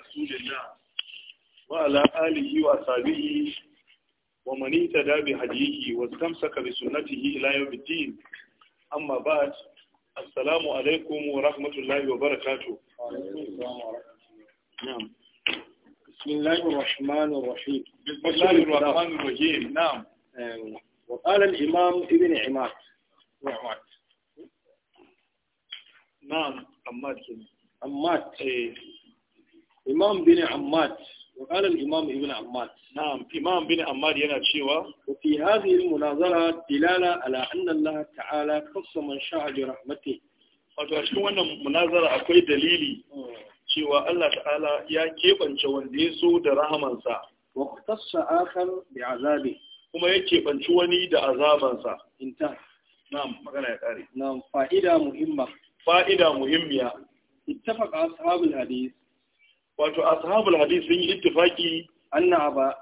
رسول الله وعلى آله وأصحابه ومن اهتدى بهديه واستمسك بسنته إلى يوم الدين أما بعد السلام عليكم ورحمة الله وبركاته نعم بسم الله الرحمن الرحيم بسم الله الرحمن الرحيم نعم وقال الإمام ابن عماد عماد نعم عماد كده عماد ايه imam bin ammad وقال الإمام ابن عماد نعم إمام بن عماد ينشيوا وفي هذه المناظرة دلالة على أن الله تعالى خص من شاء برحمته wato a cikin wannan munazara akwai dalili cewa Allah ta'ala ya keɓance wanda ya da rahamansa wa qtassa akhar bi azabi kuma ya keɓanci wani da azabansa inta na'am magana fa'ida muhimma fa'ida muhimmiya ittafaqa ashabul wato ashabul hadith sun yi ittifaki anna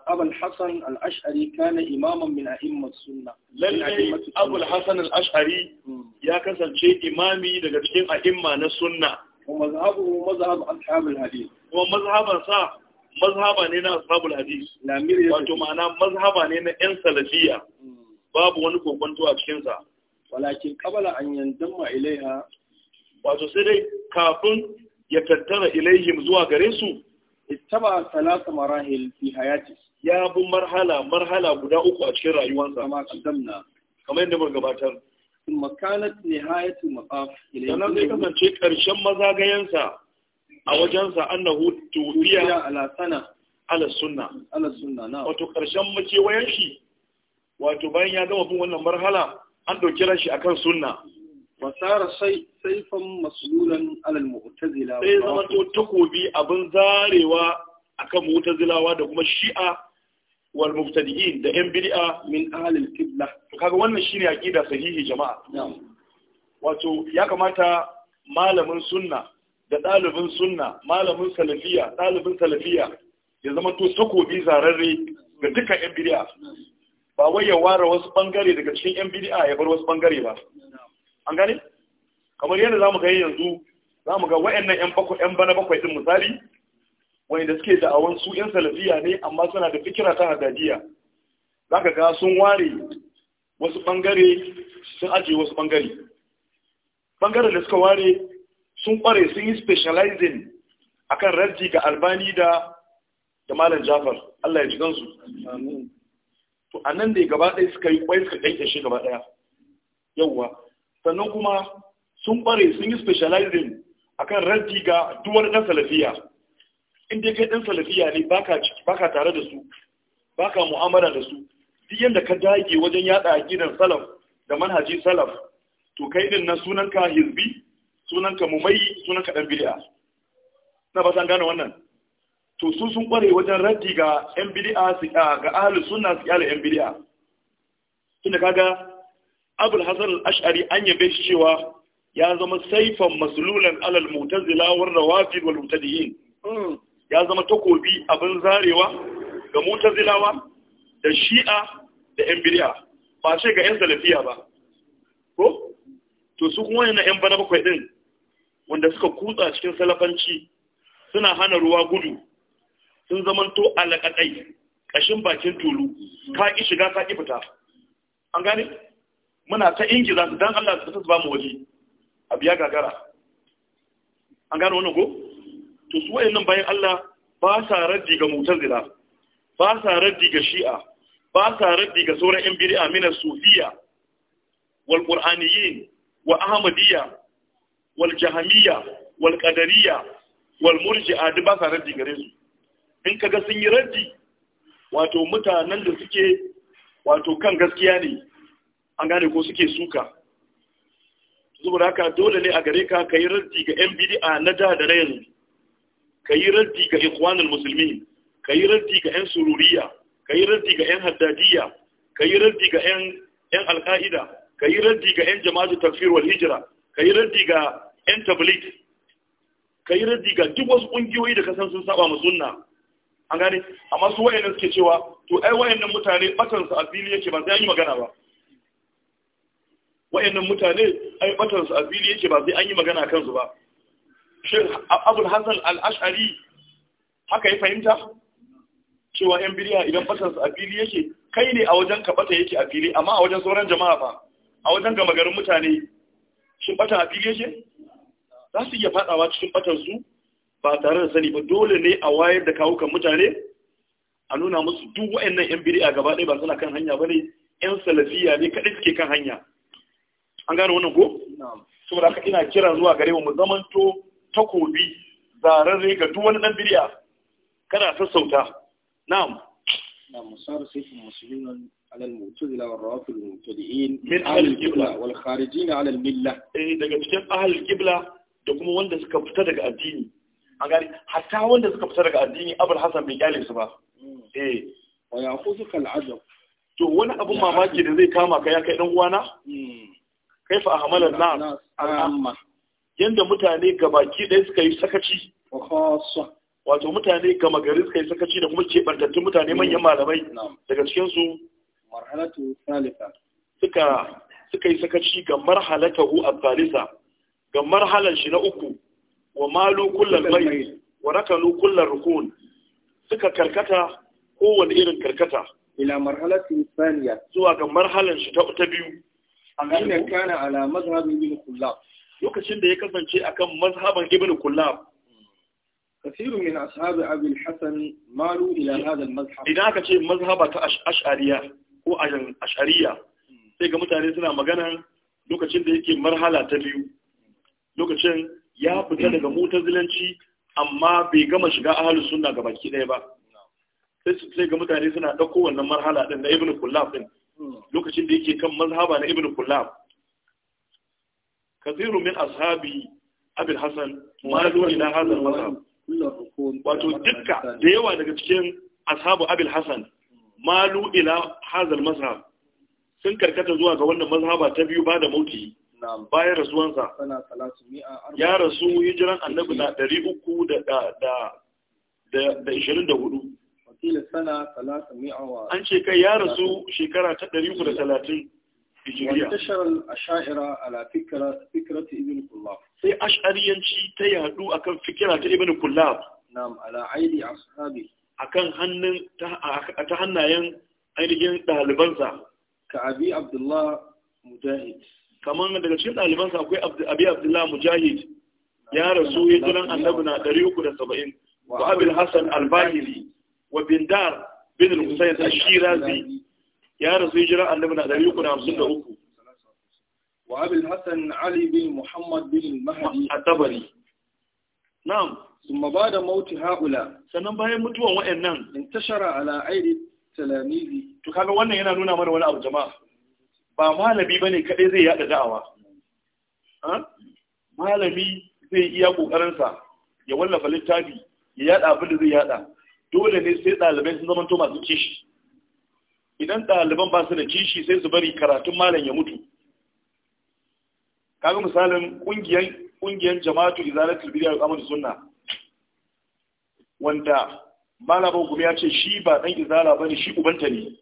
abul hasan al-ash'ari kana imaman min a'immat sunna lalle abul hasan al-ash'ari hmm. ya kasance imami daga cikin a'imma na sunna wa mazhabuhu mazhab ashabul hadith Kuma mazhaban sa mazhaba ne na ashabul hadith wato ma'ana mazhaba ne na yan salafiya hmm. babu wani kokonto a cikin sa walakin qabla an yandamma ilaiha wato sai dai kafin ya tattara ilaihim zuwa gare su ittaba salasa marahil fi hayati ya bi marhala marhala guda uku a cikin rayuwarsa kama kaddamna kamar yadda muka gabatar thumma kanat nihayatu maqaf ilayhi sannan zai kasance karshen mazagayensa a wajensa annahu Tufiya ala sana ala sunna ala sunna na wato karshen makewayen shi wato bayan ya gama bin wannan marhala an dauki rashi akan sunna wasara saifan masululan alal mu'tazila sai zama takobi abin zarewa akan mu'tazilawa da kuma shi'a wal mubtadi'in da yan bid'a min ahlil qibla kaga wannan shine aqida sahihi jama'a wato ya kamata malamin sunna da ɗalibin sunna malamin salafiya ɗalibin salafiya ya zama to takobi zararre ga duka yan ba wai ya ware wasu bangare daga cikin yan bid'a ya bar wasu bangare ba an gane kamar yadda zamu ga yanzu zamu ga wayannan yan bako yan bana bakwai din misali Wani da suke da awan su yan salafiya ne amma suna da fikira ta hadadiya zaka ga sun ware wasu bangare sun aje wasu bangare bangaren da suka ware sun kware sun yi specializing akan raddi ga albani da da malam jafar Allah ya ji gansu to a nan da gaba ɗaya suka yi kwai suka ɗaike shi gaba ɗaya yauwa sannan kuma sun bare sun yi specializing akan raddi ga duwar ɗan salafiya inda kai ɗan salafiya ne baka tare da su baka mu'amala da su duk yadda ka dage wajen yada aqidan salaf da manhaji salaf to kai din nan sunanka hizbi sunanka mumayyi sunanka dan bid'a na ba san gane wannan to su sun kware wajen raddi ga yan bid'a ga ahlus sunna su yala yan bid'a tunda kaga abul hasan al-ash'ari an yabe shi cewa ya zama saifan maslulan alal mutazila war rawafid wal mutadiyin hmm. ya zama takobi abin zarewa ga mutazilawa da shi'a da yan bid'a ba ce ga yan salafiya ba ko to su kuma yana yan bana bakwai din wanda suka kutsa cikin salafanci suna hana ruwa gudu sun zamanto alaƙaɗai ƙashin bakin tulu ka ki shiga ka ki fita an gane muna ta ingiza su dan Allah su ba mu waje a biya gagara an gano wani go? to su nan bayan Allah ba sa raddi ga mu'tazila ba sa raddi ga shi'a ba sa raddi ga sauran yan biri min as wal qur'aniyyin wa ahmadiyya wal jahamiyya wal ƙadariya wal murji'a duk ba sa raddi gare su in kaga sun yi raddi wato mutanen da suke wato kan gaskiya ne an gane ko suke suka saboda haka dole ne a gare ka ka yi raddi ga yan bid'a na da da na yanzu ka yi raddi ga ikhwanul musulmi, ka yi raddi ga yan sururiya ka yi raddi ga yan haddadiya ka yi raddi ga yan yan alqaida ka yi raddi ga yan jama'atu takfir wal hijra ka yi raddi ga yan tabligh ka yi raddi ga duk wasu kungiyoyi da kasan sun saba ma sunna an gane amma su wayannan suke cewa to ai wayannan mutane batan su a yake ba sai an yi magana ba wayannan mutane ai batan su a fili yake ba sai an yi magana kan su ba shin abul hasan al-ash'ari haka ya fahimta cewa yan biriya idan batan su a fili yake kai ne a wajen ka bata yake a fili amma a wajen sauran jama'a ba a wajen gama garin mutane shi bata a fili yake za su iya fadawa cikin batan su ba tare da sani ba dole ne a wayar da kawukan mutane a nuna musu duk wayannan yan biriya gaba ɗaya ba suna kan hanya bane yan salafiya ne kaɗai suke kan hanya an gane wannan ko saboda haka ina kira zuwa gare mu zamanto takobi zararre ga duk wani dan bid'a kada sassauta na'am na musar sayyidul muslimin على المعتزلة والروافض المبتدئين من أهل القبلة والخارجين على الملة إيه daga cikin أهل القبلة da kuma wanda suka fita daga addini a gani hatta wanda suka fita daga addini Abul Hasan bai kyale su ba mm. eh wa ya'khuzuka al'azab to wani abu mamaki da zai kama ka ya kai dan uwana mm. kaifa ahmalan nas al'amma yanda mutane gabaki ɗaya suka yi sakaci wato mutane gama gari suka yi sakaci da kuma keɓantattun mutane manyan malamai mm. daga cikinsu suka yi sakaci ga marhalatahu al-thalitha ga marhalan shi na wa malu kullal wa rakalu kullal rukun suka karkata kowane irin karkata zuwa ta biyu hannun kana ala mazhabin ibn kullab lokacin da ya kasance akan mazhaban ibn kullab kasiru min ashabi abul hasan malu ila hada almazhab idan aka ce mazhaba ta ash'ariya ko ajan ash'ariya sai ga mutane suna magana lokacin da yake marhala ta biyu lokacin ya fita daga zilanci, amma bai gama shiga ahlus sunna gaba ki daya ba sai ga mutane suna ɗauko wannan marhala din na ibn kullab din lokacin da yake kan mazhaba na ibn kullab kaziru min ashabi abul hasan malu ila hadha mazhab wato dukka da yawa daga cikin ashabu abul hasan malu ila hadha mazhab sun karkata zuwa ga wannan mazhaba ta biyu ba da mauti bayan rasuwansa ya rasu hijiran annabi na 324 da da wakila sana talata mi'awa an ce kai ya rasu shekara ta ɗari uku da talatin hijiriya tashar asha'ira ala fikra fikrati ibn kullab sai ash'ariyanci ta yadu akan fikira ta ibn kullab na'am ala aidi ashabi akan hannun ta hannayen ainihin ɗalibansa ka abi abdullah mujahid kamar daga cikin ɗalibansa akwai abi abdullah mujahid ya rasu ya hijiran annabi na 370 wa abul hasan al-bahili wa bindar bin al-husayn al-shirazi ya rasu hijira annabi na 353 wa abul hasan ali bin muhammad bin mahdi at-tabari na'am thumma ba'da mauti haula sannan bayan mutuwan wayannan intashara ala wannan yana nuna mana wani abu jama'a ba malami bane kadai zai yada da'awa malami zai iya kokarinsa ya wallafa littafi ya yada abin da zai yada dole ne sai ɗalibai sun zama to masu kishi idan ɗaliban ba su da kishi sai su bari karatun malam ya mutu kaga misalin ƙungiyar ƙungiyan jama'atu izalatul bid'a wal sunna wanda malaba gumi ya ce shi ba dan izala bane shi ubanta ne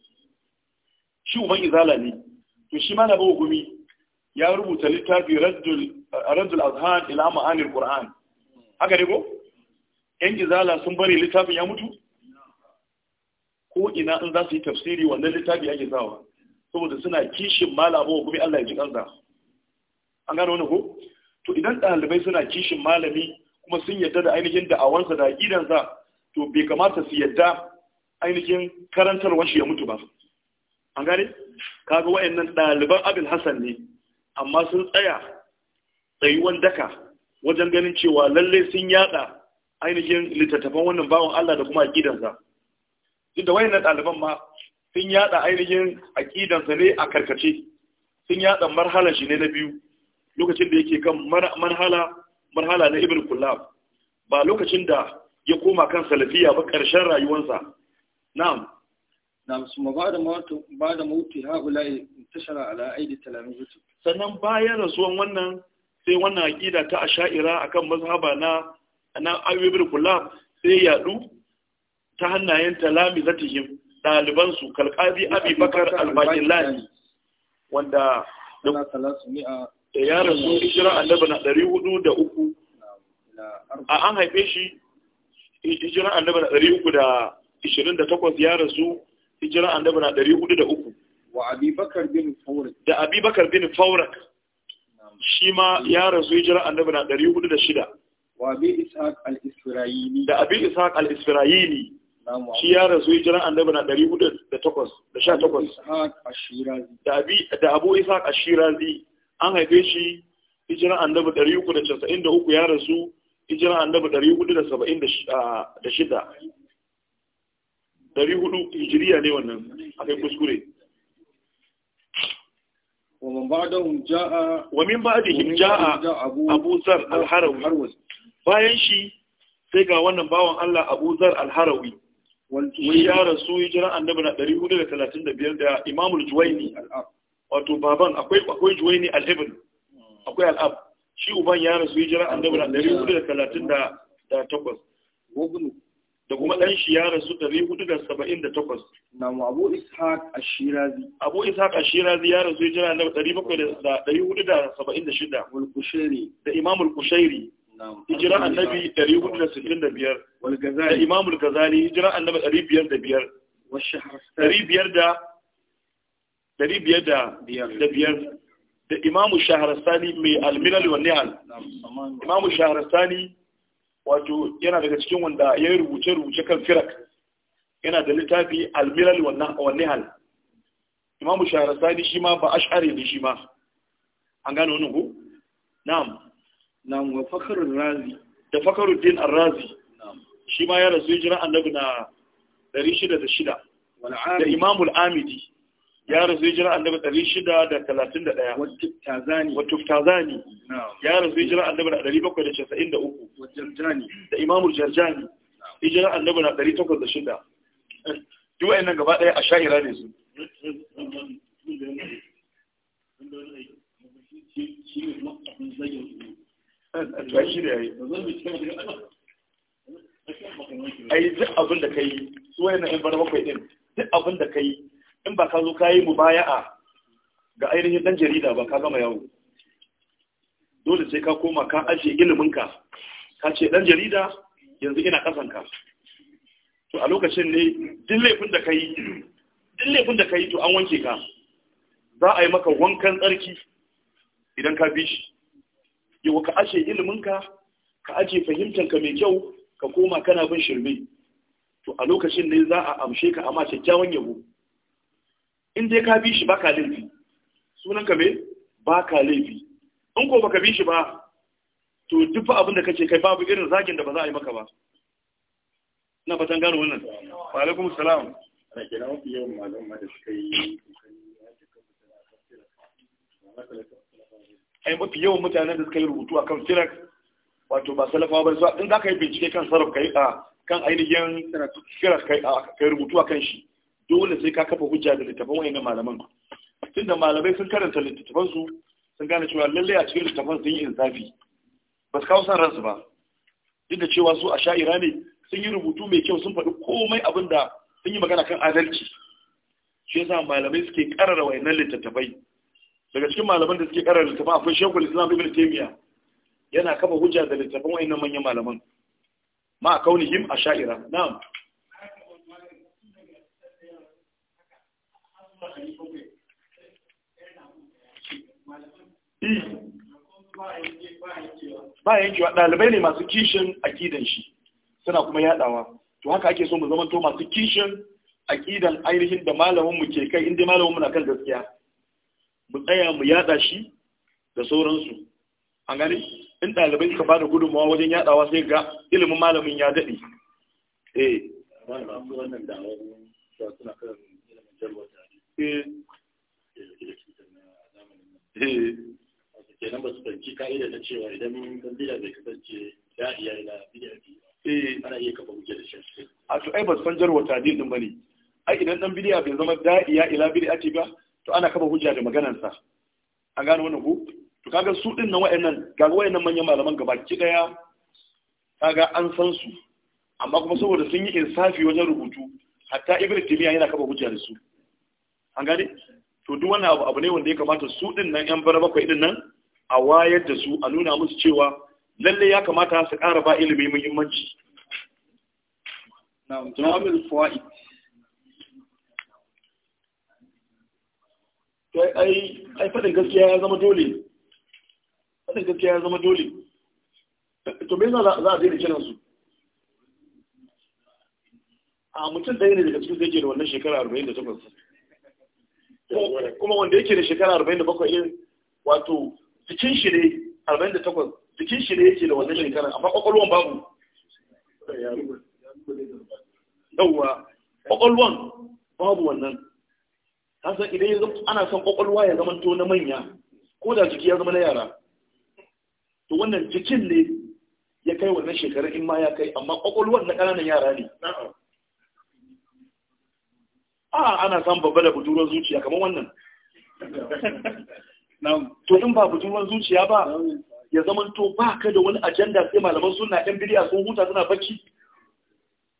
shi uban izala ne to shi ba gumi ya rubuta littafi raddul raddul azhan ila ma'anil qur'an haka ne ko yan izala sun bari littafin ya mutu ko ina in za su yi tafsiri wannan littafi ya zawa saboda suna kishin wa kuma Allah ya ji kansa an gano wani ko to idan ɗalibai suna kishin malami kuma sun yadda da ainihin da'awansa da aƙidansa to bai kamata su yadda ainihin karantarwar shi ya mutu ba an gane kaga wayannan ɗaliban abin Hassan ne amma sun tsaya tsayuwan daka wajen ganin cewa lallai sun yada ainihin littattafan wannan bawan Allah da kuma aƙidansa duk da wayannan ɗaliban ma sun yada ainihin aƙidansa ne a karkace sun yada marhala shi ne na biyu lokacin da yake kan marhala marhala na ibn kullab ba lokacin da ya koma kan salafiya ba ƙarshen rayuwarsa na'am na'am ma ba da mutu ba da tashara ala aidi sannan bayan rasuwan wannan sai wannan aƙida ta asha'ira akan mazhaba na na ayyub ibn kullab sai yadu ta hannayen talamizatihim daliban su kalqabi abi bakar al wanda da ya rasu hijira annabi na 403 a an haife shi hijira annabi na 328 ya rasu hijira annabi na 403 wa abi bakar bin fawrak da abi bakar bin fawrak shi ma ya rasu hijira annabi na 406 da abin ishaq al-isra'ili shi ya rasu hijiran annabi na 418 da da abu ishaq ash an haife shi hijiran annabi 393 ya rasu hijiran annabi 476 400 hijiriya ne wannan akai kuskure ومن بعدهم جاء ومن بعدهم جاء ابو ذر الحروي bayan shi sai ga wannan bawan Allah Abu Zar Al-Harawi wai ya rasu hijiran annabi na 435 da Imam Al-Juwayni wato baban akwai akwai Juwayni Al-Ibn akwai Al-Ab shi uban ya rasu hijiran annabi na 438 da kuma dan shi ya rasu 478 na Abu Ishaq Ash-Shirazi Abu Ishaq Ash-Shirazi ya rasu hijiran annabi 476 da Imam Al-Kushairi hijiran annabi 465 da imamul gazali hijiran annabi 505 biyar da imamu shaharastani mai almilal wa nihal imamu shaharastani wato yana daga cikin wanda ya yi rubuce-rubuce kan firak yana da littafi almilal wa nihal imamu shaharastani shi ma ba ash'ari ne shi ma an gano wani ku? na'am nan wa fakarun razi da fakarun din arrazi shi ma ya rasu hijira annabi na 606 da imam al-amidi ya rasu hijira annabi 631 wa tazani wa tuftazani ya rasu hijira annabi na 793 wa jarjani da imam al-jarjani hijira annabi na 806 duk wayannan gaba daya a sha'ira ne su shi ne A yi da duk abin da kai su wayannan yan bana bakwai din duk abin da ka yi, in ba ka zo ka yi mu mubaya'a ga ainihin dan jarida ba ka gama yawo dole sai ka koma ka ajiye iliminka ka ce dan jarida yanzu ina kasanka to a lokacin ne duk laifin da ka kai duk laifin da ka yi to an wanke ka za a yi maka wankan tsarki idan ka bi shi Yau ka ashe iliminka ka aje fahimtanka mai kyau ka koma kana bin shirme to a lokacin ne za a amshe ka amma kyakkyawan yabo in dai ka bi shi baka laifi sunanka me baka laifi in ko baka bi shi ba to duk abin da kake kai babu irin zagin da ba za a yi maka ba Ina fatan gano wannan wa alaikum salam da kira mafi yawan malama da suka yi ai mafi yawan mutanen da suka yi rubutu a kan firak wato ba salafawa ba zuwa in za ka yi bincike kan sarrafa, kai a kan ainihin firak kai a kai rubutu kan shi dole sai ka kafa hujja da littafan wayannan malaman tunda malamai sun karanta littafan su sun gane cewa lalle a cikin littafan sun yi insafi ba su kawo san ransu ba duk da cewa su a sha'ira ne sun yi rubutu mai kyau sun faɗi komai abin da sun yi magana kan adalci shi yasa malamai suke karara wayannan littattafai daga cikin malaman da suke kara littafin akwai shekul islam ibn taymiya yana kafa hujja da littafin wayannan manyan malaman ma kaunihim asha'ira na'am ba yankewa ɗalibai ne masu kishin akidan shi suna kuma yadawa to haka ake so mu to masu kishin akidan ainihin da malaminmu ke kai inda malaminmu na kan gaskiya mu tsaya mu yada shi da sauransu an gani in ɗalibai suka bada gudunmawa wajen yadawa sai ga ilimin malamin ya daɗe eh, eh. eh. ba su cewa idan bandila bai kasance ya iya ba. Eh. ana iya kafa a to ai ba su san jarwa tadil din bane ai idan dan bidiya bai zama da'iya ila bidiyati ba to ana kaba hujja da maganarsa an gane wannan ku to kaga su din nan wayannan kaga wayannan manyan malaman gaba ki daya kaga an san su amma kuma saboda sun yi insafi wajen rubutu hatta ibnu timiya yana kafa hujja da su an gane to duk wannan abu abu ne wanda ya kamata su din nan yan bara bakwai din nan a wayar da su a nuna musu cewa lalle ya kamata su ƙara ba ilimi muhimmanci na jami'ul fawaid ai fadin gaskiya ya zama dole fadin gaskiya ya zama dole to me za a daina kiransu a mutum ɗaya ne daga cikin zai ke da wannan shekara arba'in da takwas kuma wanda yake da shekara arba'in da bakwai ɗin wato jikin shi ne arba'in da takwas jikin shi ne yake da wannan shekara amma ƙwaƙwalwan babu yawwa ƙwaƙwalwan babu wannan an san idan yanzu ana son kwakwalwa ya zama to na manya ko da jiki ya zama na yara to wannan jikin ne ya kai wannan shekaru in ma ya kai amma kwakwalwar na ƙananan yara ne a ana son babba da budurwar zuciya kamar wannan to in ba budurwar zuciya ba ya zama to ba ka da wani ajanda sai malaman suna yan bidiya sun huta suna bacci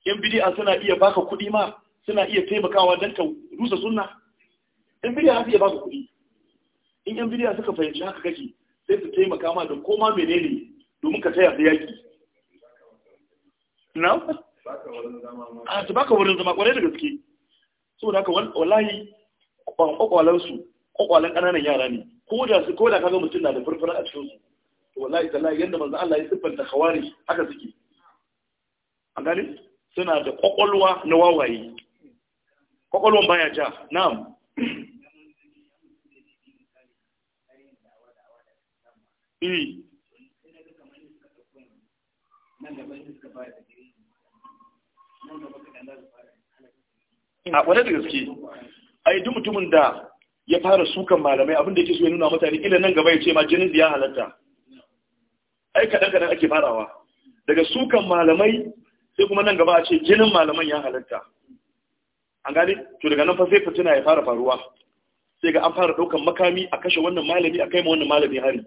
yan bidiya suna iya baka kuɗi ma suna iya taimakawa don ka rusa sunna in bidiya su iya baka kuɗi in yan bidiya suka fahimci haka kake sai su taimaka ma da koma menene domin ka taya su yaƙi na a su baka wurin zama kwarai da gaske so da haka wallahi su, kwakwalan ƙananan yara ne ko da su ko da kaga mutum na da furfura a cikin su to wallahi tallahi yanda manzo Allah ya siffanta khawari haka suke an gane suna da kwakwalwa na wawaye kwakwalwan baya ja na'am Eh. a wane da gaske a duk mutumin da ya fara sukan malamai abinda yake so ya nuna mutane ila nan gaba ya ce ma jinin ya halatta ai kaɗan kaɗan ake farawa daga sukan malamai sai kuma nan gaba a ce jinin malaman ya halatta an gane to daga nan fasai sai fitina ya fara faruwa sai ga an fara ɗaukan makami a kashe wannan malami a kai ma wannan malami hari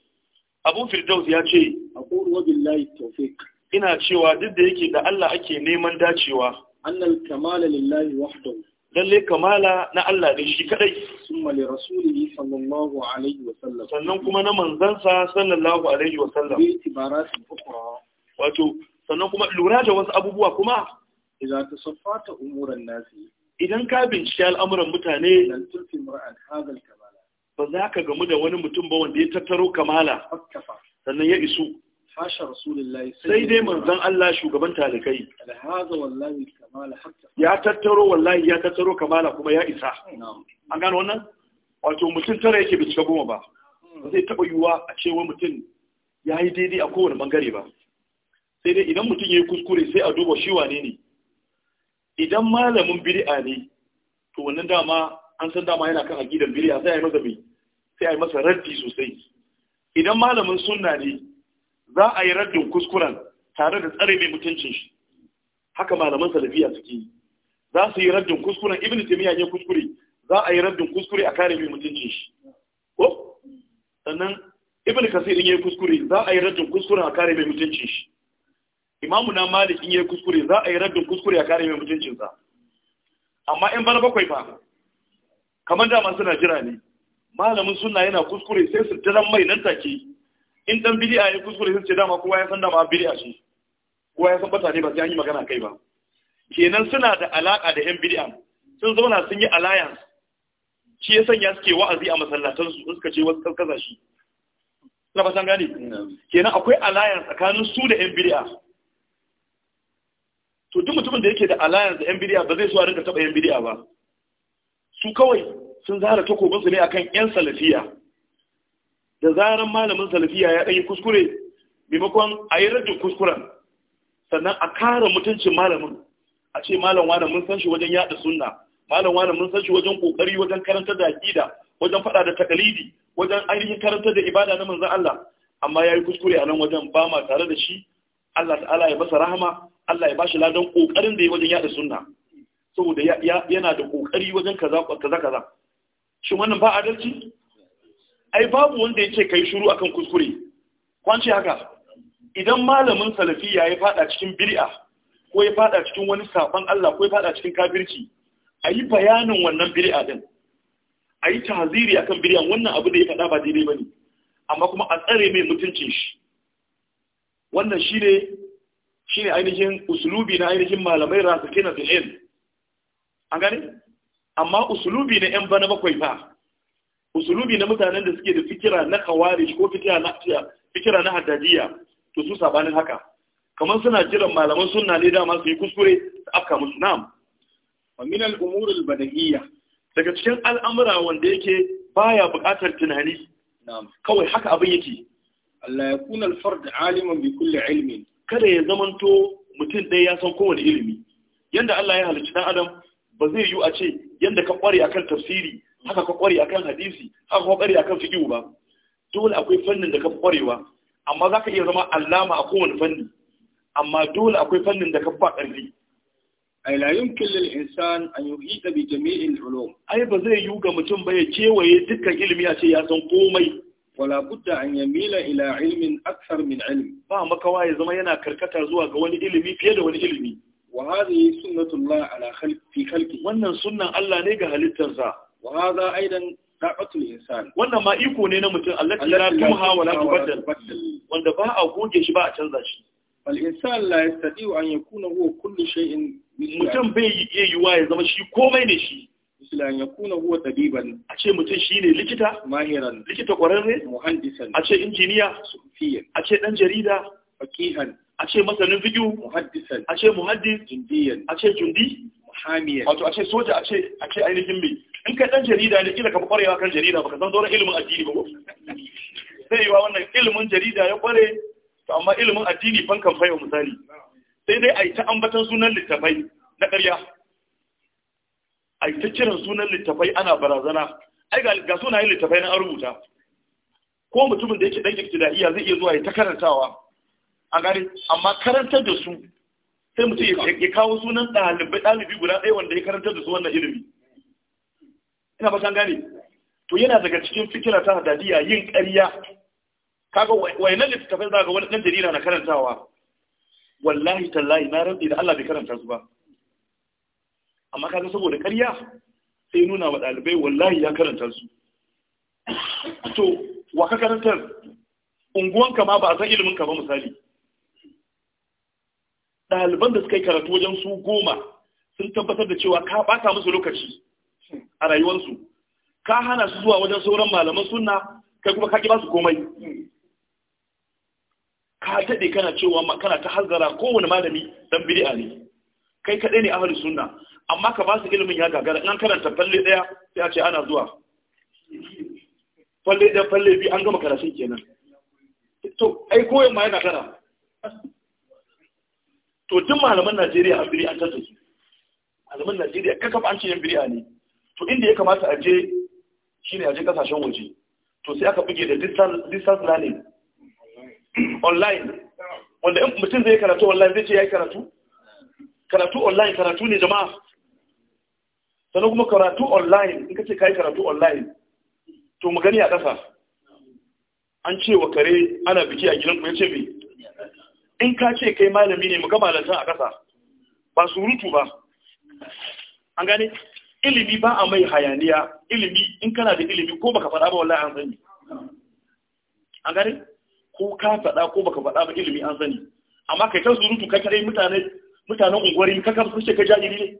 abun firdaus ya ce aqulu wabillahi tawfiq ina cewa duk da yake da Allah ake neman dacewa annal kamala lillahi wahdahu lalle kamala na Allah ne shi kadai summa li rasulihi sallallahu alaihi wa sallam sannan kuma na manzansa sallallahu alaihi wa sallam bi tibarati ukhra wato sannan kuma lura da wasu abubuwa kuma idza tasaffata umuran nasi idan ka bincike al'amuran mutane lan tulfi mar'an hadal kalam ba za ka gamu da wani mutum ba wanda ya tattaro kamala sannan ya isu sai dai manzan Allah shugaban talikai ya tattaro wallahi ya tattaro kamala kuma ya isa an gano wannan wato mutum tara yake bai cika goma ba ba zai taɓa yiwuwa a cewa mutum ya yi daidai a kowane bangare ba sai dai idan mutum ya yi kuskure sai a duba shi wane ne idan malamin bid'a ne to wannan dama an san dama yana kan agidan bid'a sai a yi masa mai. sai a yi masa raddi sosai idan malamin sunna ne za a yi raddin kuskuren tare da tsare mai mutuncin shi haka malaman salafiya suke yi za su yi raddin kuskuren ibn taymiya ne kuskure za a yi raddin kuskure a kare mai mutuncin shi ko sannan ibn kasir in yi kuskure za a yi raddin kuskuren a kare mai mutuncin shi imamu na malik in yi kuskure za a yi raddin kuskure a kare mai mutuncin sa amma in bar bakwai ba kamar da suna jira ne malamin suna yana kuskure sai su tiran mai nan take in dan bid'a ya kuskure sai ce dama kowa ya san ma bid'a shi kowa ya san bata ne ba sai an yi magana kai ba kenan suna da alaka da yan bid'a sun zauna sun yi alliance shi ya sanya suke wa'azi a masallatan su suka ce wasu kaskaza shi na fasan gane kenan akwai alliance tsakanin su da yan bid'a to duk mutumin da yake da alliance da yan bid'a ba zai so a rinka taba yan bid'a ba su kawai sun zara takobinsu ne akan 'yan salafiya da zaran malamin salafiya ya ɗanyi kuskure maimakon a yi rajin kuskuren sannan a kare mutuncin malamin a ce malam wani mun san shi wajen yada sunna malam wani mun san shi wajen kokari wajen karanta da aqida wajen faɗa da takalidi wajen ainihin karanta da ibada na manzon Allah amma yayi kuskure a nan wajen ba ma tare da shi Allah ta'ala ya masa rahama Allah ya bashi ladan kokarin da ya wajen yada sunna saboda yana da kokari wajen kaza kaza kaza shin wannan ba adalci ai babu wanda yake kai shiru akan kuskure kwanci haka idan malamin salafiya ya fada cikin bid'a ko ya fada cikin wani saban Allah ko ya fada cikin kafirci ayi bayanin wannan bid'a din ayi tahziri akan bid'a wannan abu da ya fada ba daidai bane amma kuma a tsare mai mutuncin shi wannan shine shine ainihin uslubi na ainihin malamai rasikina fil ilm an gane amma usulubi na yan bana bakwai fa usulubi na mutanen da suke da fikira na kawari ko fikira na fikira na haddadiya to su sabanin haka kamar suna jiran malaman sunna ne dama su yi kuskure su afka musu nam. wa min al-umur al-badahiyya daga cikin al'amura wanda yake baya buƙatar tunani na'am kawai haka abin yake Allah ya kuna al-fard aliman bi kulli ilmin kada ya zamanto mutum ɗaya ya san kowane ilimi yanda Allah ya halicci dan adam ba zai yiwu a ce yadda ka kware akan tafsiri haka ka kware akan hadisi haka ka kware akan fiqh ba dole akwai fannin da ka kwarewa amma za ka iya zama allama a kowane fanni amma dole akwai fannin da ka fa ƙarfi ai la yumkin lil insan an yuhita bi jami'il ulum ai ba zai yiwu ga mutum ba ya kewaye dukkan ilimi a ce ya san komai wala budda an yamila ila ilmin akthar min ilm ba makawa ya zama yana karkata zuwa ga wani ilimi fiye da wani ilimi wa hadhihi sunnatullah ala khalqi khalqi wannan sunnan Allah ne ga halittarsa wa hadha aidan ta'atul insan wannan ma iko ne na mutum Allah la tumha wa la wanda ba a goge shi ba a canza shi bal insan la yastati an yakuna huwa kullu shay'in mutum bai yi yiwa ya zama shi komai ne shi misali an yakuna huwa tabiban a ce mutum shine likita mahiran likita kwararre muhandisan a ce injiniya sufiyan a ce dan jarida faqihan a ce masanin fiƙi muhaddisan a ce muhaddis jundiyan a ce jundi muhamiyan wato a ce soja a ce a ce ainihin me. in ka dan jarida ne kila ka kwarewa kan jarida baka san sauran ilimin addini ba ko sai yiwa wannan ilimin jarida ya kware to amma ilimin addini fankan fayo misali sai dai a yi ta ambatan sunan littafai na ƙarya a yi ta kiran sunan littafai ana barazana ai ga sunayen littafai na an rubuta ko mutumin da yake dan ibtidaiya zai iya zuwa ya ta karantawa a gari amma karantar da su sai mutum ya kawo sunan ɗalibai ɗalibi guda ɗaya wanda ya karantar da su wannan ilimi ina ba san gane to yana daga cikin fikira ta hadadiya yin ƙarya kaga wai nan da za ga wani ɗan jarida na karantawa wallahi tallahi na rantsi da Allah bai karanta su ba amma kaga saboda ƙarya sai nuna wa ɗalibai wallahi ya karanta su to wa ka karantar unguwanka ma ba a san ilimin ka ba misali ɗaliban da suka yi karatu wajen su goma sun tabbatar da cewa ka ɓata musu lokaci a rayuwarsu ka hana su zuwa wajen sauran malaman suna, kai kuma ka ba su komai ka daɗe kana cewa kana ta hanzara kowane malami don a ne kai kaɗe ne ahalin suna, amma ka ba su ilimin ya gagara in an karanta falle ɗaya sai a ce ana zuwa falle ɗaya falle biyu an gama karatun kenan to ai koyon ma yana kara to duk malaman Najeriya an biri an tattu su malaman Najeriya kaka an ce yan biri'a ne to inda ya kamata a je shine a je kasashen waje to sai aka buge da distance learning online wanda in mutum zai karatu online zai ce ya yi karatu karatu online karatu ne jama'a sannan kuma karatu online in ka ce ka yi karatu online to mu gani a ƙasa an ce wa kare ana biki a gidan ku ya ce in ka ce kai malami ne muka malantar a ƙasa ba surutu ba an gani ilimi ba a mai hayaniya ilimi in kana da ilimi ko baka faɗa ba wallahi an sani an gani ko ka faɗa ko baka faɗa ba ilimi an sani amma kai kan surutu kai kadai mutane mutanen unguwarin kakar sun ce ka jajiri ne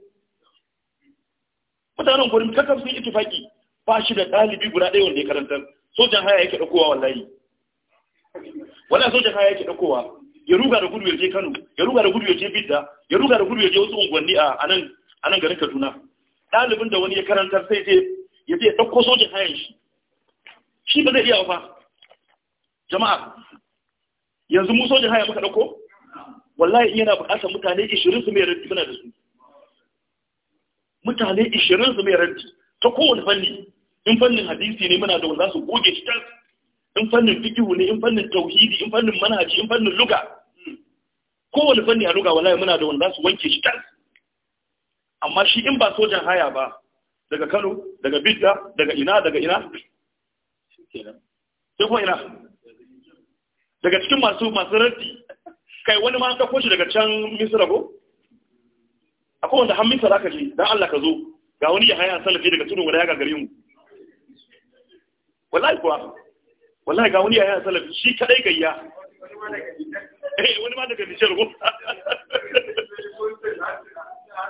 mutanen unguwarin kakar sun itifaki ba shi da ɗalibi guda ɗaya wanda ya karanta sojan haya yake ɗaukowa wallahi wala sojan haya yake ɗaukowa ya ruga da gudu ya je Kano ya ruga da gudu ya je Bidda ya ruga da gudu ya je wasu unguwanni a nan garin Kaduna ɗalibin da wani ya karantar sai je ya je ɗauko sojin hayan shi shi ba zai iya ba jama'a yanzu mu sojin haya muka ɗauko wallahi yana buƙatar mutane 20 su mai ranti muna da su mutane 20 su mai ranti ta kowane fanni in fannin hadisi ne muna da wanda su goge shi tas in fannin fikihu ne in fannin tauhidi in fannin manhaji in fannin luga kowane fanni a luga wallahi muna da wanda za su wanke shi kan amma shi in ba sojan haya ba daga Kano daga Bidda daga ina daga ina sai kuma ina daga cikin masu masu raddi kai wani ma ka koshi daga can Misra ko akwai wanda har Misra ka je dan Allah ka zo ga wani ya haya salafi daga tudun wani ya gagare mu wallahi ko wallahi ga wani yayin salafi shi kadai gayya eh wani ma daga Nijar ko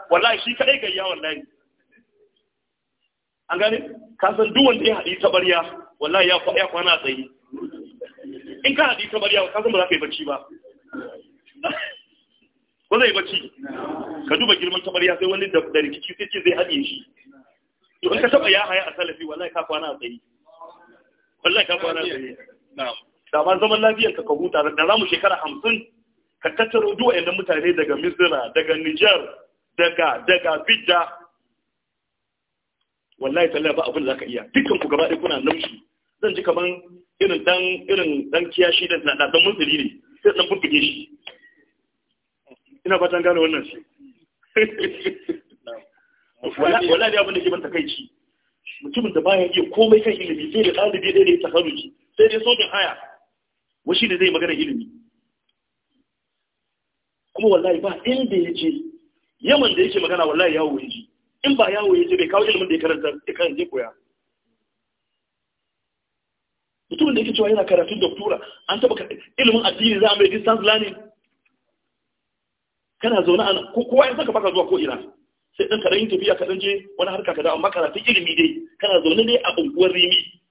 wallahi shi kadai gayya wallahi an gane ka san duk wanda ya hadi tabarya wallahi ya ya kwana tsaye in ka hadi tabarya ka san ba za ka yi bacci ba ko zai bacci ka duba girman tabarya sai wani da rikici sai ce zai haɗe shi to in ka taba ya haya a salafi wallahi ka kwana a tsaye wallahi ka kwana tsaye na'am da zaman lafiyar ka ka huta da za shekara hamsin ka tattaro duwa yadda mutane daga misira daga niger daga daga bidda wallahi tallahi ba abin da zaka iya dukkan ku gaba ɗaya kuna shi zan ji kaman irin dan irin dan kiyashi da na dan mutsiri ne sai dan burbuge shi ina fatan gane wannan shi wala wala abin da ke ban takaici mutumin da bayan iya komai kan ilimi sai da ɗalibi ɗaya ne tafarruci sai dai sojin haya washi ne zai magana ilimi kuma wallahi ba inda ya ce yaman da yake magana wallahi yawo ya ji in ba yawo ya je bai kawo ilimin da ya karanta ya je koya mutumin da yake cewa yana karatun doktora an taba ilimin addini za a mai distance learning kana zaune ana kowa ya saka baka zuwa ko ina sai ɗan kaɗan yin tafiya kaɗan je wani harka ka amma karatu ilimi dai kana zaune ne a unguwar rimi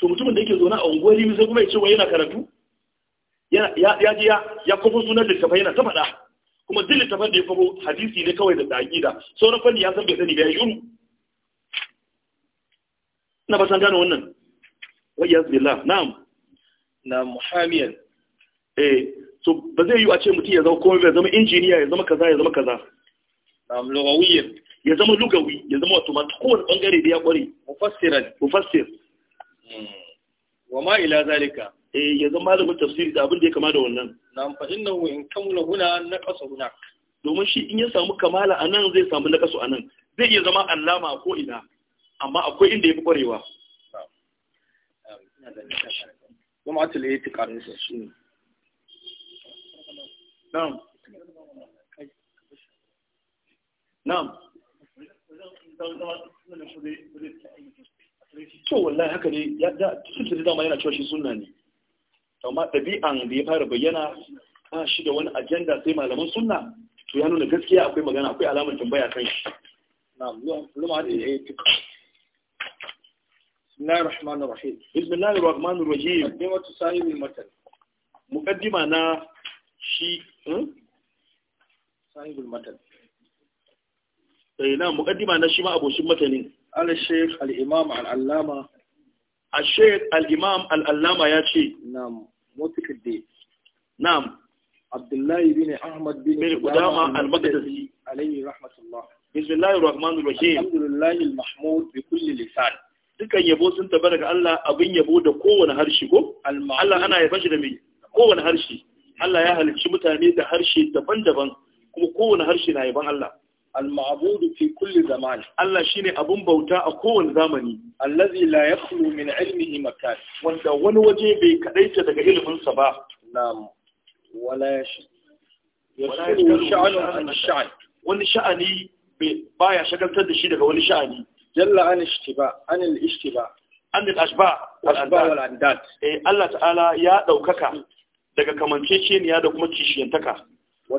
to mutumin da yake zaune a unguwar rimi sai kuma ya ce wa yana karatu ya je ya kofo sunan littafai yana ta faɗa kuma duk littafan da ya kofo hadisi ne kawai da ta'aƙida sauran fanni ya san bai sani ya yi na ba san gano wannan wa yazbillah na'am na muhammad. eh so ba zai yi a ce mutum ya zama komai ya zama injiniya ya zama kaza ya zama kaza ya zama lugawi ya zama wato mata kowane bangare da ya kware mufassir wa ma ila zalika eh ya zama malamin tafsiri da abin da ya kama da wannan na fa innahu in kamula huna naqasa hunak domin shi in ya samu kamala anan zai samu na a anan zai iya zama allama ko ina amma akwai inda ya fi kwarewa jama'atul itiqad shi na'am na'am to wallahi haka ne ya da da dama yana cewa shi sunna ne amma dabi'an da ya fara bayyana ba shi da wani ajanda sai malaman sunna to ya nuna gaskiya akwai magana akwai alamar tambaya kan shi بسم الله الرحمن الرحيم بسم الله الرحمن الرحيم مقدمة صاحب المتن na. shi hmm? sahibul matan eh, na muqaddima na shi ma aboshin matanin al-sheikh al-imam al-allama al-sheikh al-imam al-allama ya ce na'am mutakiddin na'am abdullahi bin ahmad bin qudama al-maqdisi alayhi rahmatullah bismillahir rahmanir rahim alhamdulillahi al-mahmud bi kulli lisan dukan yabo sun tabbata ga Allah abin yabo da kowane harshe ko Allah ana yaba shi da me kowane harshe Allah ya halicci mutane da harshe daban-daban kuma kowane harshe na yaban Allah al-ma'budu fi kulli zaman Allah shine abun bauta a kowane zamani allazi la yakhlu min ilmihi makan wanda wani waje bai kadaita daga ilimin sa ba na'am wala sha'anu an sha'an wani sha'ani baya shagaltar da shi daga wani sha'ani jalla an ishtiba an al-ishtiba an al-ashba al-andat eh Allah ta'ala ya daukaka daga kamanceceniya da kuma kishiyantaka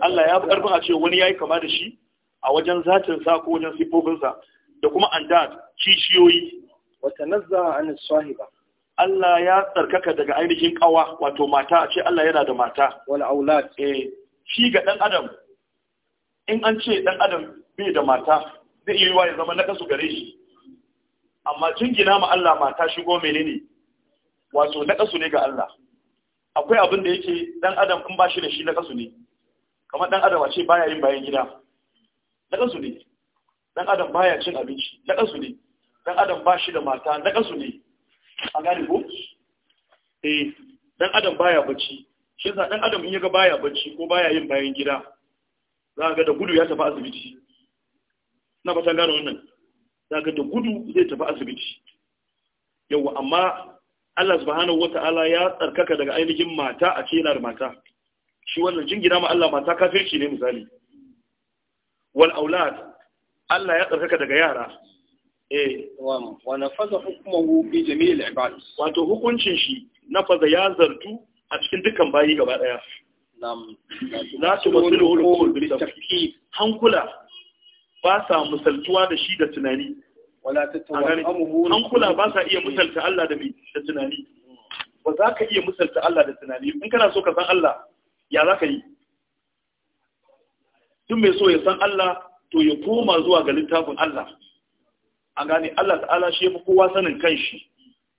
Allah ya fi karfin a ce wani ya yi kama da shi a wajen zatin sa ko wajen sa da kuma anda kishiyoyi wata tanazza an sahiba Allah ya tsarkaka daga ainihin kawa wato mata a ce Allah yana da mata wal aulad eh shi ga dan adam in an ce dan adam bai da mata zai yi wa ya zama na kasu gare shi amma jingina ma Allah mata shigo menene wato na kasu ne ga Allah akwai abin da yake dan adam in ba shi da shi na kasu ne kamar dan adam a ce baya yin bayan gida na kasu ne dan adam baya cin abinci na kasu ne dan adam ba shi da mata na kasu ne A gani ko eh dan adam baya bacci shi yasa dan adam in yaga baya bacci ko baya yin bayan gida za ga da gudu ya tafi asibiti na fatan gane wannan za ga da gudu zai tafi asibiti yawa amma Allah subhanahu wata'ala ya tsarkaka daga ainihin mata a ce da mata shi wannan jingina ma Allah mata kafirci ne misali wal aulad Allah ya tsarkaka daga yara eh wa nafaza hukmuhu bi jami'il ibad wato hukuncin shi nafaza ya zartu a cikin dukkan bayi gaba daya la tumassilu hulul da tafkir hankula ba sa musaltuwa da shi da tunani wala tattawa amuhu an kula ba sa iya misalta Allah da da tunani ba za ka iya misalta Allah da tunani in kana so ka san Allah ya za ka yi tun mai so ya san Allah to ya koma zuwa ga littafin Allah A gane Allah ta'ala shi fi kowa sanin kanshi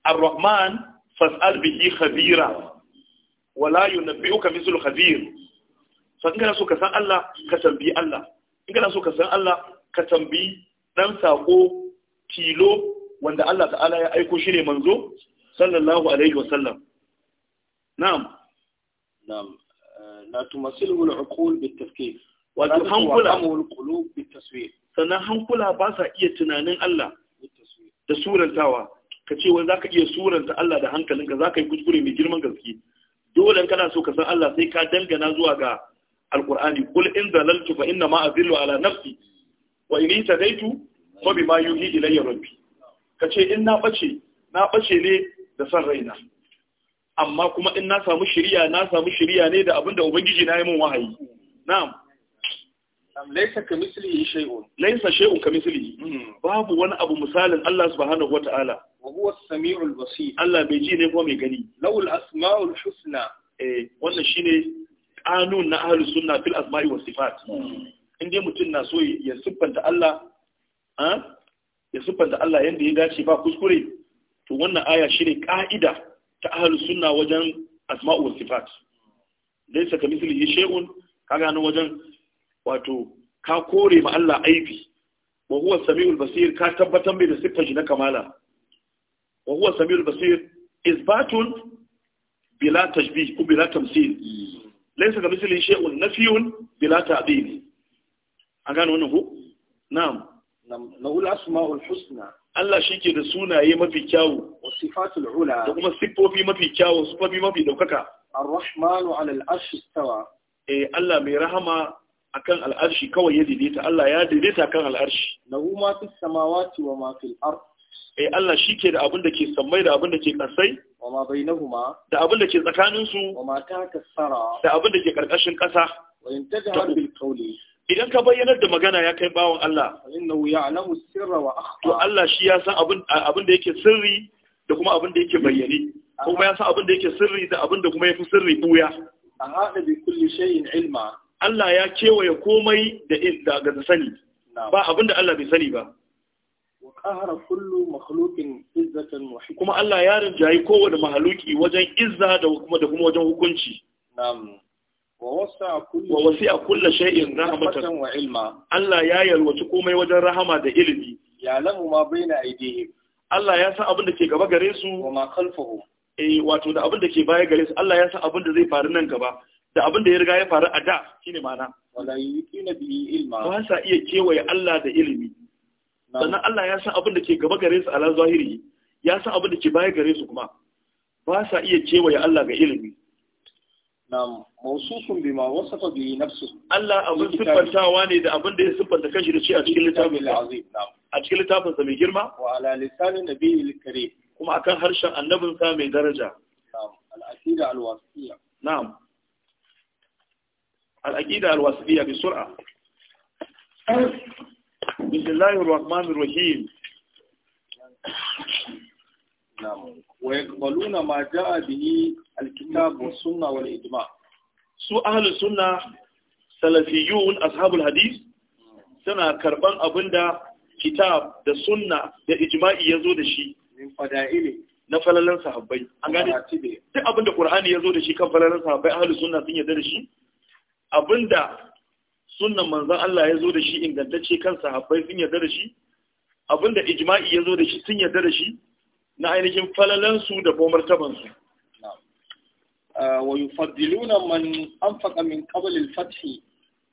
ar-rahman fas'al bihi khabira wala yunabbi'uka mithlu khabir so in kana so ka san Allah ka tambi Allah in kana so ka san Allah ka tambi dan sako tilo wanda Allah ta'ala ya aiko shi ne manzo sallallahu alaihi wasallam na'am na'am eh, la tumasilu al-uqul bit-tafkir wa hankula amul qulub bit-taswir sannan hankula ba sa iya tunanin Allah da surantawa ka ce wani zaka iya suranta Allah da hankalinka zaka yi kuskure mai girman gaske dole in kana so ka san Allah sai ka dangana zuwa ga alqur'ani qul in dalaltu fa inna ma azillu ala nafsi wa in tadaitu wa bima yuhi ilayya rabbi kace in na bace na bace ne da san raina amma kuma in na samu shiriya na samu shiriya ne da abinda ubangiji na yi min wahayi na'am am laysa kamislihi shay'un laysa shay'un kamislihi babu wani abu misalin Allah subhanahu wata'ala wa huwa as-sami'ul basir Allah bai ji ne ko mai gani lawul asma'ul husna eh wannan shine kanun na ahlus sunna fil asma'i was sifat hmm. in dai mutum na so ya siffanta Allah ya siffanta Allah yadda ya dace ba kuskure to wannan aya shine ka'ida ta ahlus sunna wajen asma'u was sifat misali kamithlihi shay'un ka gano wajen wato ka kore ma Allah aibi wa huwa samiul basir ka tabbatar mai da siffar shi na kamala wa huwa samiul basir isbatun bila tashbih ko bila tamthil laysa kamithlihi shay'un nafiyun bila ta'dil A gano wannan ko na'am lahul asma'ul husna Allah shi ke da sunaye mafi kyawu wa sifatul ula da kuma siffofi mafi kyawu siffofi mafi daukaka ar-rahmanu 'ala al-arshi istawa eh Allah mai rahama akan al'arshi kawai ya daidaita Allah ya daidaita kan al'arshi lahu ma fis samawati wa ma fil ard eh Allah shike da abin da ke sammai da abin da ke kasai wa ma bainahuma da abin da ke tsakanin su wa ma ta kasara da abin da ke karkashin kasa wa in tajhar bil qawli idan ka bayyanar da magana ya kai bawon Allah ya'lamu sirra wa akhfa to Allah shi ya san abin abin da yake sirri da kuma abin da yake bayyane kuma ya san abin da yake sirri da abin da kuma yafi sirri buya hada bi kulli shay'in ilma Allah ya kewaye komai da da sani ba abin da Allah bai sani ba wa qahara kullu makhluqin izzatan wa kuma Allah ya rinjayi kowane mahaluki wajen izza da kuma da kuma wajen hukunci na'am a wasi'a kulli shay'in rahmatan wa ilma Allah ya yalwaci komai wajen rahama da ilimi ya lamu ma baina aidihim Allah ya san abin da ke gaba gare su wa ma khalfahum eh, wato da abin da ke baya gare su Allah ya san abin da zai faru nan gaba da abin da ya riga ya faru a da shine ma'ana wala yuqina bi ilma ba sa iya kewaye Allah da ilimi sannan Allah ya san abin da ke gaba gare su ala zahiri ya san abin da ke baya gare su kuma ba sa iya kewaye Allah ga ilimi Nam, maususun bima wasafa bi nafsu. Allah abin siffantawa ne da abin da ya siffanta kanshi da shi a cikin littafin a cikin littafin sa mai girma wa ala lisanin nabiyil karim kuma akan harshen annabin sa mai daraja. Nam, al al-wasiyya. Nam. Al-aqida al-wasiyya bi sur'a. Bismillahir rahim. wa yaqbaluna ma jaa bihi alkitab was sunna wal ijma su ahli sunna salafiyun ashabul hadith suna karban abinda kitab da sunna da ijma'i yazo da shi na falalan sahabbai an gane da abinda qur'ani yazo da shi kan falalan sahabbai ahli sunna sun yarda da shi abinda sunnan manzon Allah yazo da shi ingantacce kan sahabbai sun yarda da shi abinda ijma'i yazo da shi sun yarda da shi na ainihin falalansu da bomar tabansu. Ah, wa yufaddiluna man anfaqa min qabl al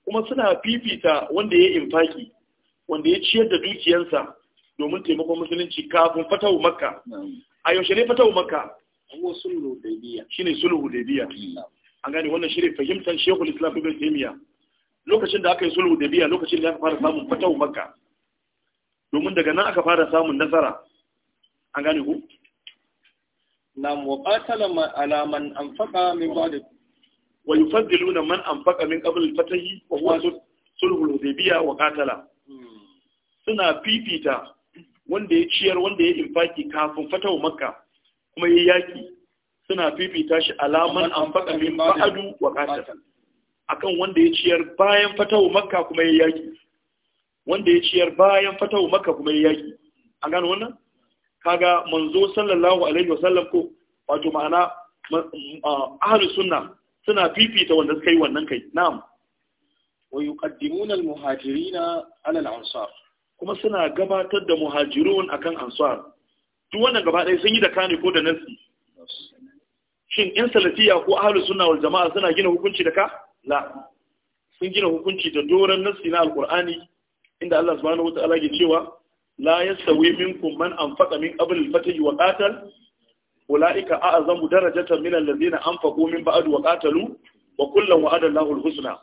kuma suna fifita wanda ya infaki wanda ya ciyar da dukiyansa domin taimakon musulunci kafin fatahu makka a yaushe ne fatahu makka huwa sulhu hudaybiya shine sulhu hudaybiya an gane wannan ne fahimtar shehu islam ibn taymiya lokacin da aka yi sulhu hudaybiya lokacin da aka fara samun fatahu makka domin daga nan aka fara samun nasara an gane ku nam wa qatala ala man anfaqa min ba'd wa yufaddiluna man anfaqa min qabl al-fatahi wa huwa sulhul hudaybiyya wa qatala hmm. suna fifita wanda ya ciyar wanda ya infaki kafin fatawa makka kuma ya yaki suna fifita shi alaman anfaqa min ba'du wa qatala akan wanda ya ciyar bayan fatawa makka kuma ya yaki wanda ya ciyar bayan fatawa makka kuma ya yaki an gano wannan kaga manzo sallallahu alaihi wasallam ko wato ma'ana ahlus sunna suna fifita wanda suka yi wannan kai na'am wa yuqaddimuna al ala al-ansar kuma suna gabatar da muhajirun akan ansar duk wannan gaba ɗaya sun yi da kane ko da nasi shin yan salafiya ko ahlus sunna wal jama'a suna gina hukunci da ka la sun gina hukunci da doran nasi na alqur'ani inda Allah subhanahu wa ta'ala ke cewa la yastawi منكم من أنفق min قبل الفتح وقاتل أولئك أعظم درجة من الذين أنفقوا من بعد min ba'd وعد الله wa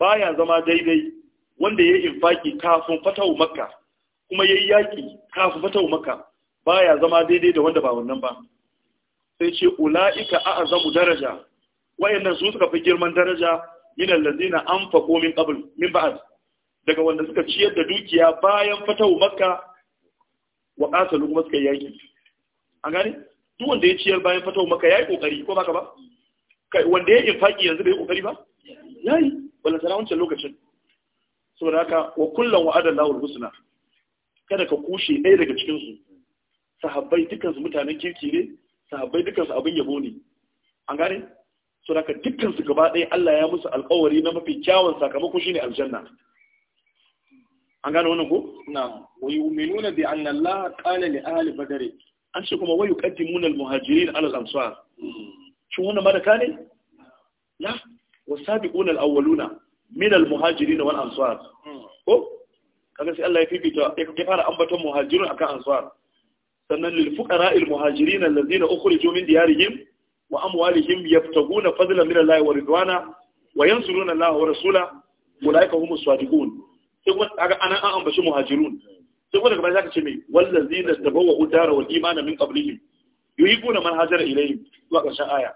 بايا زما al-husna zama daidai wanda yayi infaki kafin fatahu makka kuma yayi yaki kafin fatahu makka baya zama daidai da wanda ba wannan ba sai ce ula'ika a daraja wayannan su suka fi girman daraja min allazina anfaqu min qabl min ba'd daga wanda suka ciyar da dukiya bayan fatawu makka wa qatalu kuma suka yaki an gane duk wanda ya ciyar bayan fatawu makka yayi kokari ko baka ba kai wanda ya infaki yanzu bai kokari ba yayi wala sana wancan lokacin saboda haka wa kullum wa'ada Allahul husna kada ka kushe ɗaya daga cikin su sahabbai dukkan su mutanen kirki ne sahabbai dukkan su abin yabo ne an gane saboda haka dukkan su gaba ɗaya Allah ya musu alƙawari na mafi kyawun sakamako shine aljanna an gano wannan ko na'am wa yu'minuna bi anna Allah qala li ahli badr an ce kuma wa kaddi al muhajirin ala al ansar hmm. shin wannan madaka ne la wasabiquna al awwaluna min al muhajirin wani ansar hmm. ko kaga sai Allah ya fifita ya fara ambaton muhajirun akan ansar sannan lil muhajirin al na allazina ukhriju min diyarihim wa amwalihim yabtaguna fadlan min Allah wa ridwana wa yansuruna Allah wa rasulahu ulaika humus sadiqun sai kuma kaga anan an ambaci muhajirun sai kuma daga baya zaka ce me wallazina tabawwa'u dara wal imana min qablihim yuhibbuna man hajara ilayhim zuwa ƙarshen aya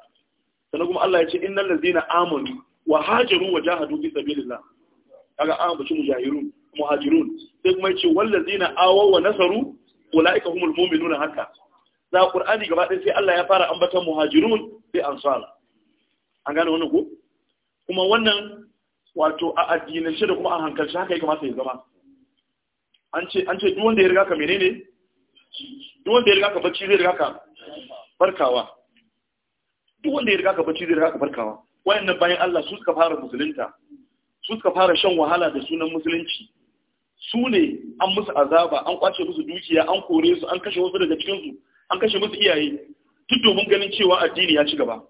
sannan kuma Allah ya ce innal ladzina amanu wa hajaru wa jahadu fi sabilillah kaga an ambaci mujahirun muhajirun sai kuma yace wallazina awaw wa nasaru ulaika humul mu'minuna haka da qur'ani gaba ɗaya sai Allah ya fara ambatan muhajirun sai ansar an gane wannan ko kuma wannan wato a addinance da kuma a hankalci haka ya kamata ya zama an ce an ce duk wanda ya riga ka menene duk wanda ya riga ka bacci zai riga ka farkawa duk wanda ya riga ka bacci zai riga ka farkawa wayannan bayan Allah su suka fara musulunta su suka fara shan wahala da sunan musulunci su ne an musu azaba an kwace musu dukiya an kore su an kashe wasu daga cikin su an kashe musu iyaye duk domin ganin cewa addini ya ci gaba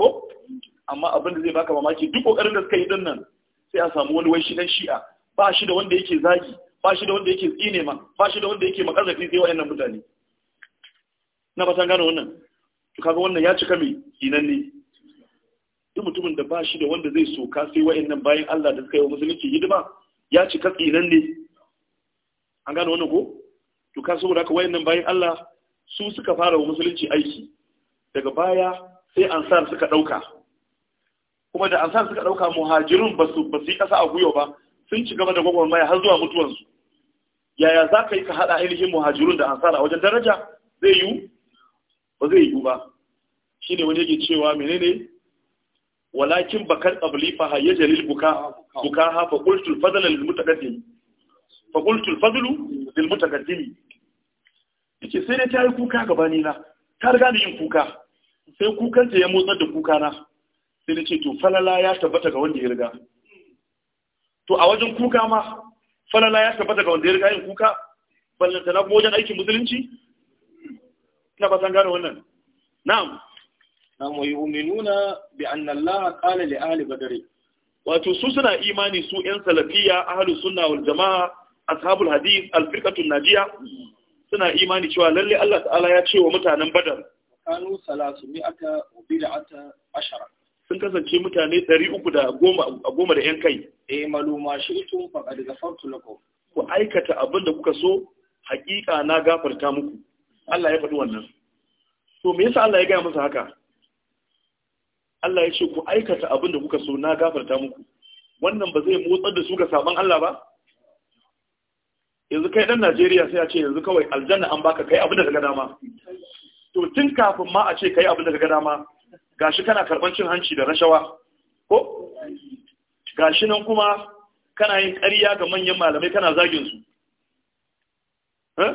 ko amma abin da zai baka mamaki duk kokarin da suka yi din nan sai a samu wani wai dan shi'a ba shi da wanda yake zagi ba shi da wanda yake tsine ma ba shi da wanda yake makazafi sai wayannan mutane na ba san gane wannan to kaga wannan ya cika mai kinan ne duk mutumin da ba shi da wanda zai soka sai wayannan bayan Allah da suka yi wa musulunci hidima ya cika tsinan ne an gane wannan ko to ka saboda haka wayannan bayan Allah su suka fara wa musulunci aiki daga baya sai ansar suka dauka kuma da ansar suka dauka muhajirun ba su yi kasa a guyo ba sun ci gaba da gwagwarmaya har zuwa mutuwansu yaya za ka yi ka haɗa ainihin muhajirun da ansar a wajen daraja zai yi ba zai yiwu ba shine wani yake cewa menene walakin bakar qabli fa hayya jalil buka buka ha fa qultu al-fadl lil mutaqaddim fa qultu al-fadl lil mutaqaddim yace sai dai ta yi kuka gabanina na ta riga da yin kuka sai kukan ta ya motsar da kuka na sai na ce to falala ya tabbata ga wanda ya riga to a wajen kuka ma falala ya tabbata ga wanda ya riga yin kuka ballanta na wajen aikin musulunci na ba san gane wannan na'am na mu yu'minuna bi anna Allah qala li ahli badr wato su suna imani su yan salafiya ahli sunna wal jamaa ashabul hadith al firqatu najiya suna imani cewa lalle Allah ta'ala ya ce wa mutanen badar kanu salasumi'ata wa bid'ata ashara sun kasance mutane ɗari uku da goma da ‘yan kai. E eh, maluma shi tun faɗa daga farko ko. Ku aikata abin da kuka so, hakika na gafarta muku. Allah ya faɗi wannan. To me yasa Allah ya gaya masa haka? Allah ya ce ku aikata abin da kuka so na gafarta muku. Wannan ba zai motsar da su ga saban Allah ba? Yanzu kai ɗan Najeriya sai a ce yanzu kawai aljanna an baka kai abin da ka ga dama. To tun kafin ma a ce kai abin da ka ga dama, gashi kana karban cin hanci da rashawa ko gashi nan kuma kana yin ƙarya ga manyan malamai kana zagin su eh?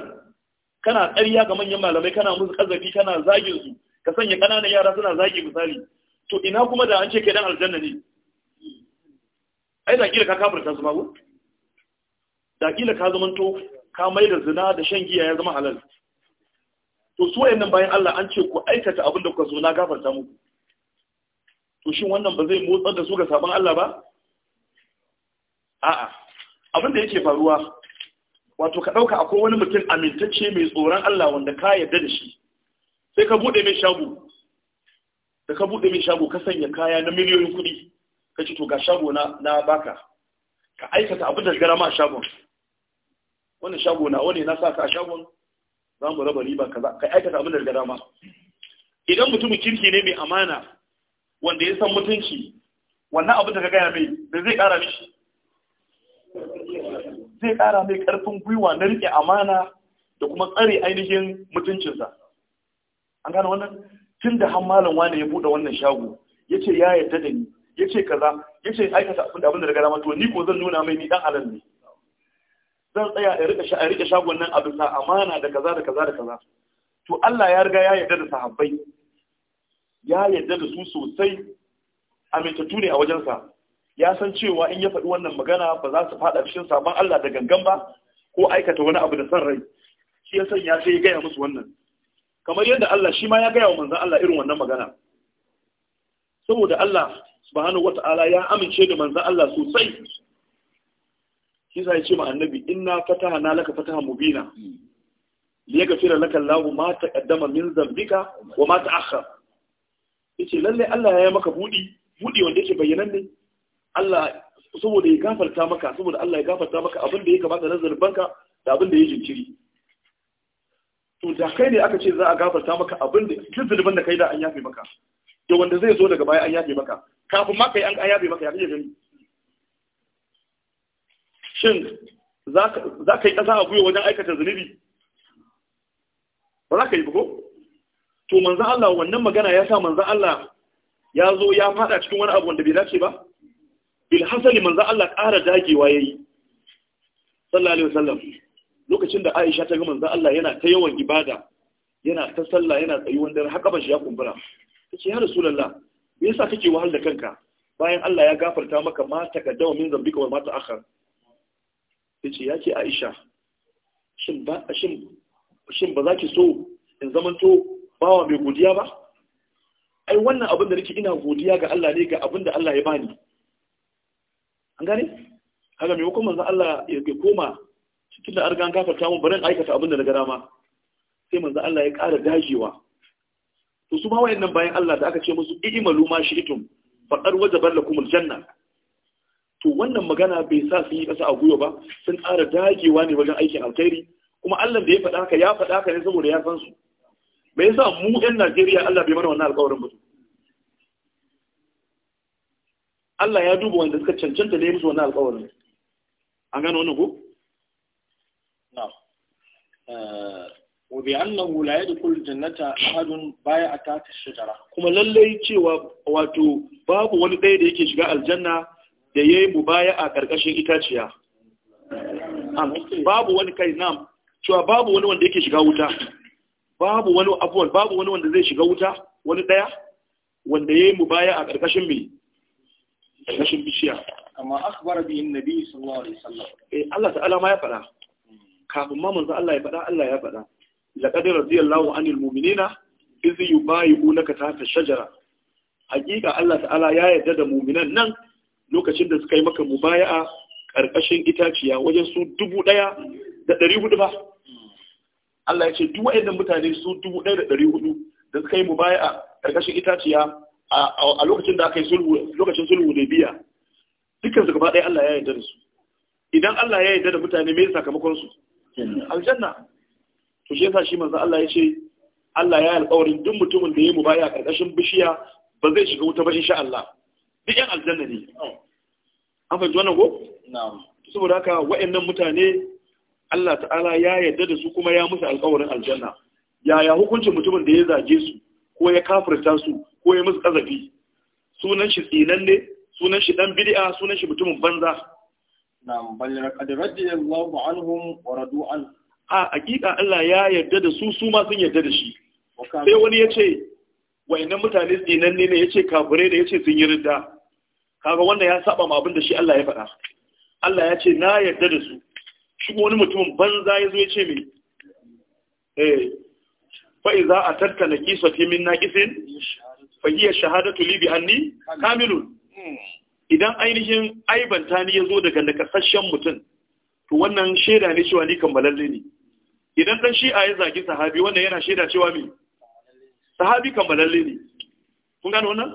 kana ƙarya ga manyan malamai kana musu ƙazabi kana zagin su ka sanya ƙananan yara suna zagi misali to ina kuma da an ce kai dan aljanna ne ai da kila ka kafirta su ma da kila ka zamanto ka mai da zina da shan giya ya zama halal to su wayannan bayan Allah an ce ku aikata abin da kuka zo na gafarta muku to shin wannan ba zai motsar da su ga sabon Allah ba a'a abin da yake faruwa wato ka dauka akwai wani mutum amintacce mai tsoron Allah wanda ka yarda da shi sai ka bude mai shago da ka bude mai shago ka sanya kaya na miliyoyin kuɗi ka ce to ga shago na na baka ka aikata abin da gara ma shagon wannan shago na wani na sa ka shagon za mu raba riba kaza kai aikata abin da daga dama idan mutumin kirki ne mai amana wanda ya san mutunci wannan abin da ka gaya mai da zai kara mishi zai kara mai karfin gwiwa na rike amana da kuma tsare ainihin mutuncinsa an gane wannan tun da hammalin wani ya buɗe wannan shago ya ce ya yarda da ni ya ce kaza ya ce aikata abin da abin da daga dama to ni ko zan nuna mai ni dan alal ne zan tsaya a riƙe shagon nan a bisa amana da kaza da kaza da kaza to Allah ya riga ya yarda da sahabbai ya yarda da su sosai amintattu ne a wajensa ya san cewa in ya faɗi wannan magana ba za su faɗa cikin sabon Allah da gangan ba ko aikata wani abu da san rai shi ya ya sai ya gaya musu wannan kamar yadda Allah shi ma ya gaya wa manzon Allah irin wannan magana saboda Allah subhanahu wata'ala ya amince da manzan Allah sosai shi sa ya ce ma annabi inna fataha na laka fataha mubina li fira laka Allah ma taqaddama min zambika wa ma ta'akhkhar yace lalle Allah ya maka budi budi wanda yake bayyana ne? Allah saboda ya gafarta maka saboda Allah ya gafarta maka abin da ya kamata na zurbanka da abin da ya jinkiri to da kai ne aka ce za a gafarta maka abin da duk zurbin da kai da an yafe maka da wanda zai zo daga baya an yafe maka kafin ma kai an yafe maka ya kake gani shin za ka yi ƙasa a gwiwa wajen aikata zunubi ba za ka yi ko to manzan Allah wannan magana ya sa manzan Allah ya zo ya fada cikin wani abu wanda bai dace ba bilhassali manzan Allah ƙara dagewa ya yi sallallahu alaihi wasallam lokacin da Aisha ta ga manzan Allah yana ta yawan ibada yana ta sallah yana tsayi dare haka ban shi ya kumbura tace ya rasulullah me yasa kake wahal da kanka bayan Allah ya gafarta maka ma takaddawa min zambika wa ma ta'akhkhar ya ce ya ke aisha shin ba za ki so in zamanto bawa mai godiya ba ai wannan abin da nake ina godiya ga Allah ne ga abin da Allah ya bani an gane haka mai hukumar za Allah ya koma cikin da argan gafarta mun barin aikata abin da na gara ma sai manzo Allah ya ƙara dajewa to su ba wayannan bayan Allah da aka ce musu i'malu ma shi'tum faqad wajaba lakum aljanna to wannan magana bai sa su yi ƙasa a gwiwa ba sun ƙara dagewa ne wajen aikin alkhairi kuma Allah da ya faɗa ka ya faɗa ka ne saboda ya san su me yasa mu ɗan Najeriya Allah bai mana wannan alƙawarin ba Allah ya duba wanda suka cancanta ne musu wannan alƙawarin an gano wannan ko na'am eh, wa bi annahu la yadkhul jannata ahadun baya atata shajara kuma lallai cewa wato babu wani ɗaya da yake shiga aljanna da ya yi mubaya a ƙarƙashin itaciya babu wani kai nam cewa babu wani wanda yake shiga wuta babu wani abuwan babu wani wanda zai shiga wuta wani ɗaya wanda ya yi mubaya a ƙarƙashin mai ƙarƙashin bishiya amma akbar bi annabi sallallahu alaihi wasallam eh Allah ta'ala ma ya faɗa kafin ma manzo Allah ya faɗa Allah ya faɗa laqad radiyallahu anil mu'minina iz yubayi'unaka tahta shajara hakika Allah ta'ala ya yarda da mu'minan nan lokacin da suka yi maka a ƙarƙashin itaciya wajen su dubu ɗaya da ɗari hudu ba Allah ya ce duk waɗannan mutane su dubu ɗaya da ɗari hudu da suka yi a ƙarƙashin itaciya a lokacin da aka yi sulhu lokacin sulhu da biya dukkan su gaba ɗaya Allah ya yarda da su idan Allah ya yarda da mutane me sakamakon su aljanna to shi yasa shi manzo Allah ya ce Allah ya alƙawarin duk mutumin da ya yi mubaya ƙarƙashin bishiya ba zai shiga wuta ba insha Allah duk yan aljanna ne an fahimci wannan ko saboda haka wa'annan mutane Allah ta'ala ya yarda da su kuma ya musu alƙawarin aljanna yaya hukuncin mutumin da ya zage su ko ya kafirta su ko ya musu kazafi sunan shi ne, sunan shi dan bid'a sunan shi mutumin banza na'am bal laqad Allahu anhum wa radu an a hakika Allah ya yarda da su su ma sun yarda da shi sai wani ya ce wayannan mutane dinan ne ya ce kafure da ya ce sun yi ridda kaga wannan ya saba ma abin da shi Allah ya faɗa Allah ya ce na yarda da su shi wani mutumin banza ya zo ya ce me eh fa iza naqisa fi min naqisin fa hiya shahadatu li bi anni kamilun idan ainihin aibanta ni yazo daga nakasashen mutum to wannan shaida ne cewa ni kammalalle ne idan dan shi'a ya zagi sahabi wannan yana shaida cewa me sahabi kammalalle ne kun gano wannan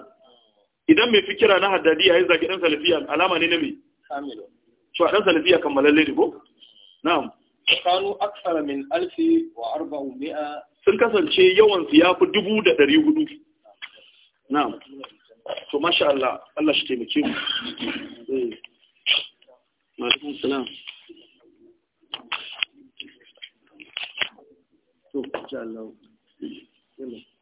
idan mai fikira na haddadi yayin zaki dan salafiya alama ne na me to dan salafiya kammalalle ne ko na'am kanu aksara min alfi wa arba'umi'a sun kasance yawan su ya fi dubu da ɗari hudu na'am to masha Allah Allah shi taimake mu ma'alaikum eh. salam to insha Allah